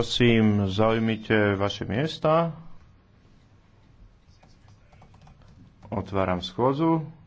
Prosím, zaujmite vaše miesta. Otváram schôzu.